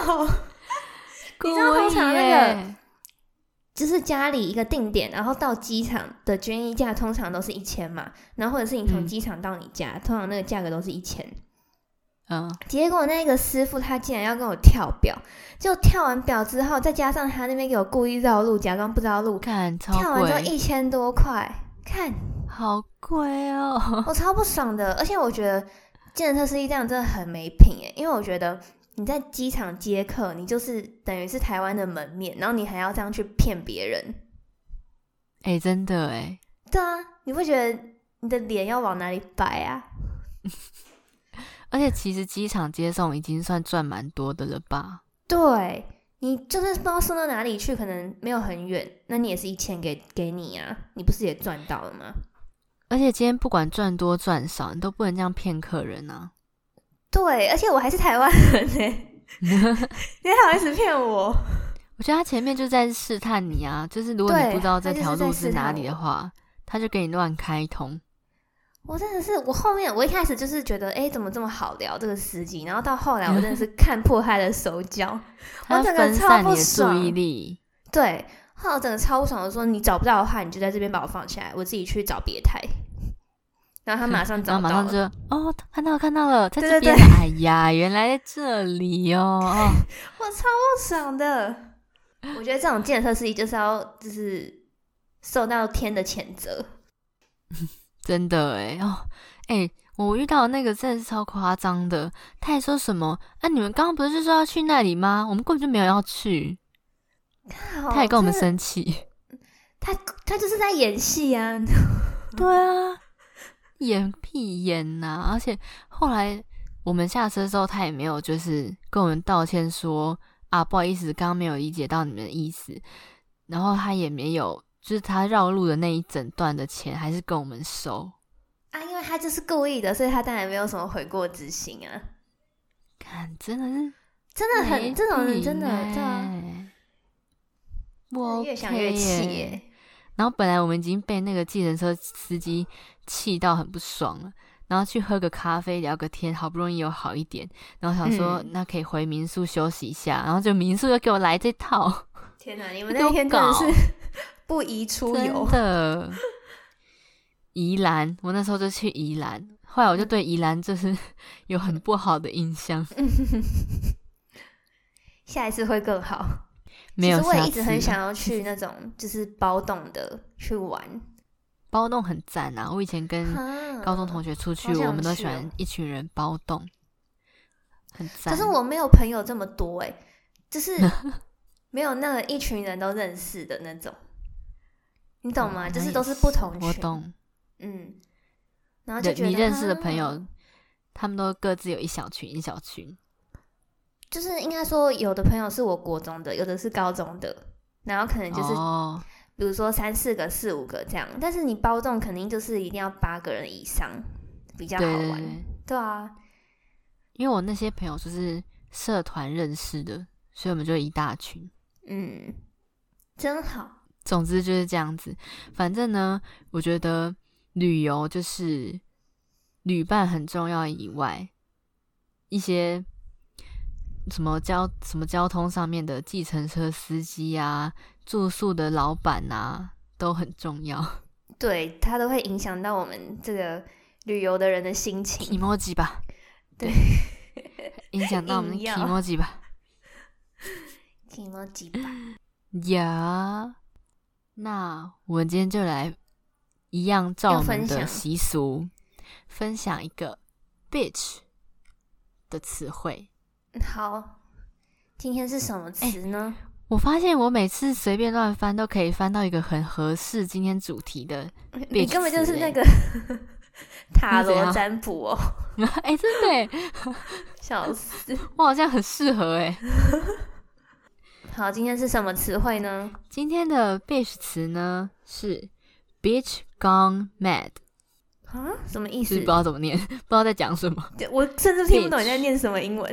看。哦、 你知道通常那個，就是家裡一個定點，然後到機場的均一價通常都是一千嘛，然後或者是你從機場到你家，嗯、通常那個價格都是一千。嗯，結果那個師傅他竟然要跟我跳表，就跳完表之後，再加上他那邊給我故意繞路，假裝不知道路，看超跳完之後一千多塊，看好貴哦！我超不爽的，而且我覺得建設司機這樣真的很沒品誒，因為我覺得你在機場接客，你就是等於是台灣的門面，然後你還要這樣去騙別人，誒、欸，真的誒。對啊，你會覺得你的臉要往哪裡擺啊？ 而且其實機場接送已經算賺蠻多的了吧？對，你就是不知道送到哪裡去，可能沒有很遠，那你也是一千給給你啊，你不是也賺到了嗎？而且今天不管賺多賺少，你都不能這樣騙客人吶、啊。對，而且我還是台灣人呢、欸， 你還好意思騙我？我覺得他前面就在試探你啊，就是如果你不知道這條路是哪裡的話，他就，他就給你亂開通。我真的是，我後面我一開始就是覺得，哎、欸，怎麼這麼好聊這個司機？然後到後來，我真的是看破他的手腳， 分散我整個超不爽。注意力對，後來我整個超爽的說：“你找不到的話，你就在這邊把我放下來，我自己去找別台。”然後他馬上找到， 然後馬上就說：“哦，看到了看到了，在這邊。對對對”哎呀，原來在這裡哦！ 我超爽的。我覺得這種賤的車司機就是要就是受到天的譴責。 真的誒哦誒、欸、我遇到那個真的是超誇張的，他還說什麼？哎、啊，你們剛剛不是說要去那裡嗎？我們根本就沒有要去。好他也跟我們生氣，他他就是在演戲啊。對啊，演、嗯、屁演吶、啊！而且後來我們下車之後，他也沒有就是跟我們道歉說啊，不好意思，剛剛沒有理解到你們的意思。然後他也沒有。就是他繞路的那一整段的錢還是跟我們收啊，因為他就是故意的，所以他當然沒有什麼悔過之心啊。看，真的是，真的很，這種人真的，真的，對啊，我越想越氣耶。然後本來我們已經被那個計程車司機氣到很不爽了，然後去喝個咖啡聊個天，好不容易有好一點，然後想說那可以回民宿休息一下，然後就民宿又給我來這套。天哪，你們那天真的是。不宜出遊的宜蘭，我那時候就去宜蘭，後來我就對宜蘭就是有很不好的印象。 下一次會更好，沒有。我也一直很想要去那種就是包棟的，去玩包棟，很讚啊！我以前跟高中同學出去，我們都喜歡一群人包棟，很讚。可是我沒有朋友這麼多哎、欸，就是沒有那個一群人都認識的那種。你懂嗎？嗯、就是都是不同群，我懂。嗯，然後就覺得、啊、你認識的朋友，他們都各自有一小群一小群，就是應該說，有的朋友是我國中的，有的是高中的，然後可能就是，比如說三四個、四五個這樣。但是你包中肯定就是一定要八個人以上比較好玩。對，對啊，因為我那些朋友就是社團認識的，所以我們就一大群。嗯，真好。總之就是這樣子，反正呢，我覺得旅遊就是旅伴很重要以外，一些什麼交什麼交通上面的計程車司機啊、住宿的老闆吶、啊、都很重要，對他都會影響到我們這個旅遊的人的心情。提莫吉吧，對， 影響到我們提莫吉吧，提莫吉吧，有、yeah。那我們今天就來一樣照我的習俗，要分享，分享一個 “bitch” 的詞彙。好，今天是什麼詞呢？欸。我發現我每次隨便亂翻，都可以翻到一個很合適今天主題的。欸。你根本就是那個塔羅占卜哦、喔！哎、欸，真的、欸，笑死事！我好像很適合哎、欸。好，今天是什麼詞彙呢？今天的 Bitch 詞呢是 Bitch gone mad 啊？什麼意思？就是不知道怎麼念，不知道在講什麼。我甚至聽不懂你在念什麼英文。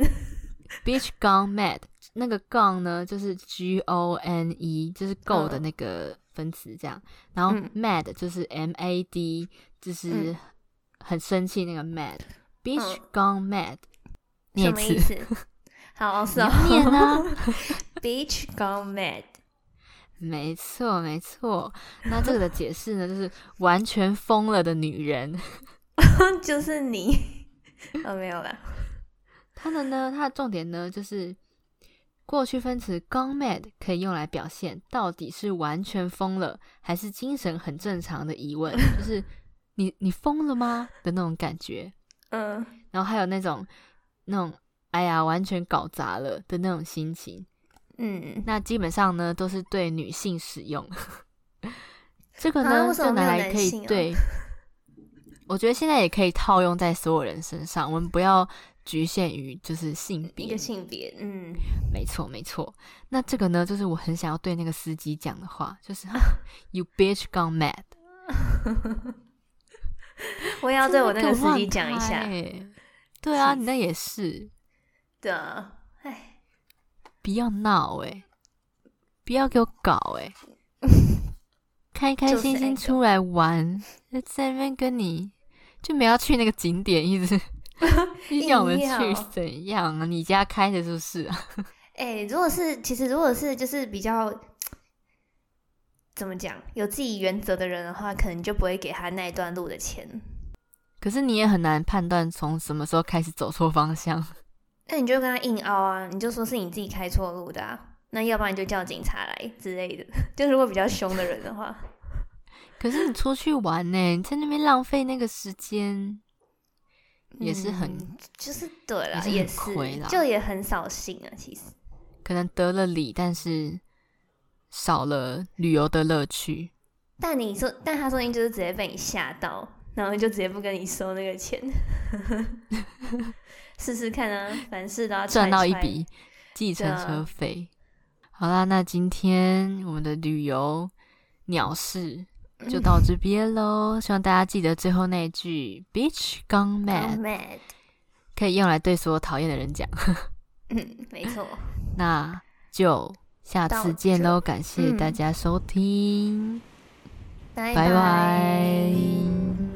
Bitch ach, Bitch gone mad 那個 gone 呢，就是 G O N E，就是 go 的那個分詞這樣。然後 mad 就是 M A D，就是很生氣那個 mad。嗯、Bitch gone mad、嗯、念詞什麼意思？好，你要念呢、啊？ Bitch gone mad，沒錯沒錯。那這個的解釋呢， 就是完全瘋了的女人， 就是你。 哦，沒有了。它的呢，它的重點呢，就是過去分詞 gone mad 可以用來表現到底是完全瘋了，還是精神很正常的疑問，就是你你瘋了嗎的那種感覺。 嗯。然後還有那種那種哎呀，完全搞砸了的那種心情。嗯，那基本上呢，都是對女性使用。 這個呢，啊啊、就拿來可以對。啊、我覺得現在也可以套用在所有人身上，我們不要局限於就是性別，一個性別。嗯，沒錯，沒錯。那這個呢，就是我很想要對那個司機講的話，就是、啊、“You bitch gone mad”。 我也要對我那個司機講一下。 對啊，你那也是。 對啊。不要鬧哎、欸！不要給我搞哎、欸！開 開心心出來玩，在那邊跟你就沒要去那個景點，一直要 我們去怎樣、啊？ 你家開的是不是啊？欸、如果是其實如果是就是比較怎麼講，有自己原則的人的話，可能就不會給他那一段路的錢。可是你也很難判斷從什麼時候開始走錯方向。那你就跟他硬拗啊，你就說是你自己開錯路的啊，那要不然你就叫警察來之類的。就如果比較凶的人的話， 可是你出去玩呢，在那邊浪費那個時間，也是很、嗯、就是對啦，也是、也是很虧了，也是虧了，就也很掃興啊。其實可能得了理，但是少了旅遊的樂趣。但你說，但他說不就是直接被你嚇到，然後就直接不跟你收那個錢。 試試看啊，凡事都要賺到一筆計程車費。就好啦，那今天我們的旅遊鳥事就到這邊嘍。嗯、希望大家記得最後那一句 “Bitch gone mad”，可以用來對所有討厭的人講。 嗯，沒錯。那就下次見嘍！感謝大家收聽，拜拜。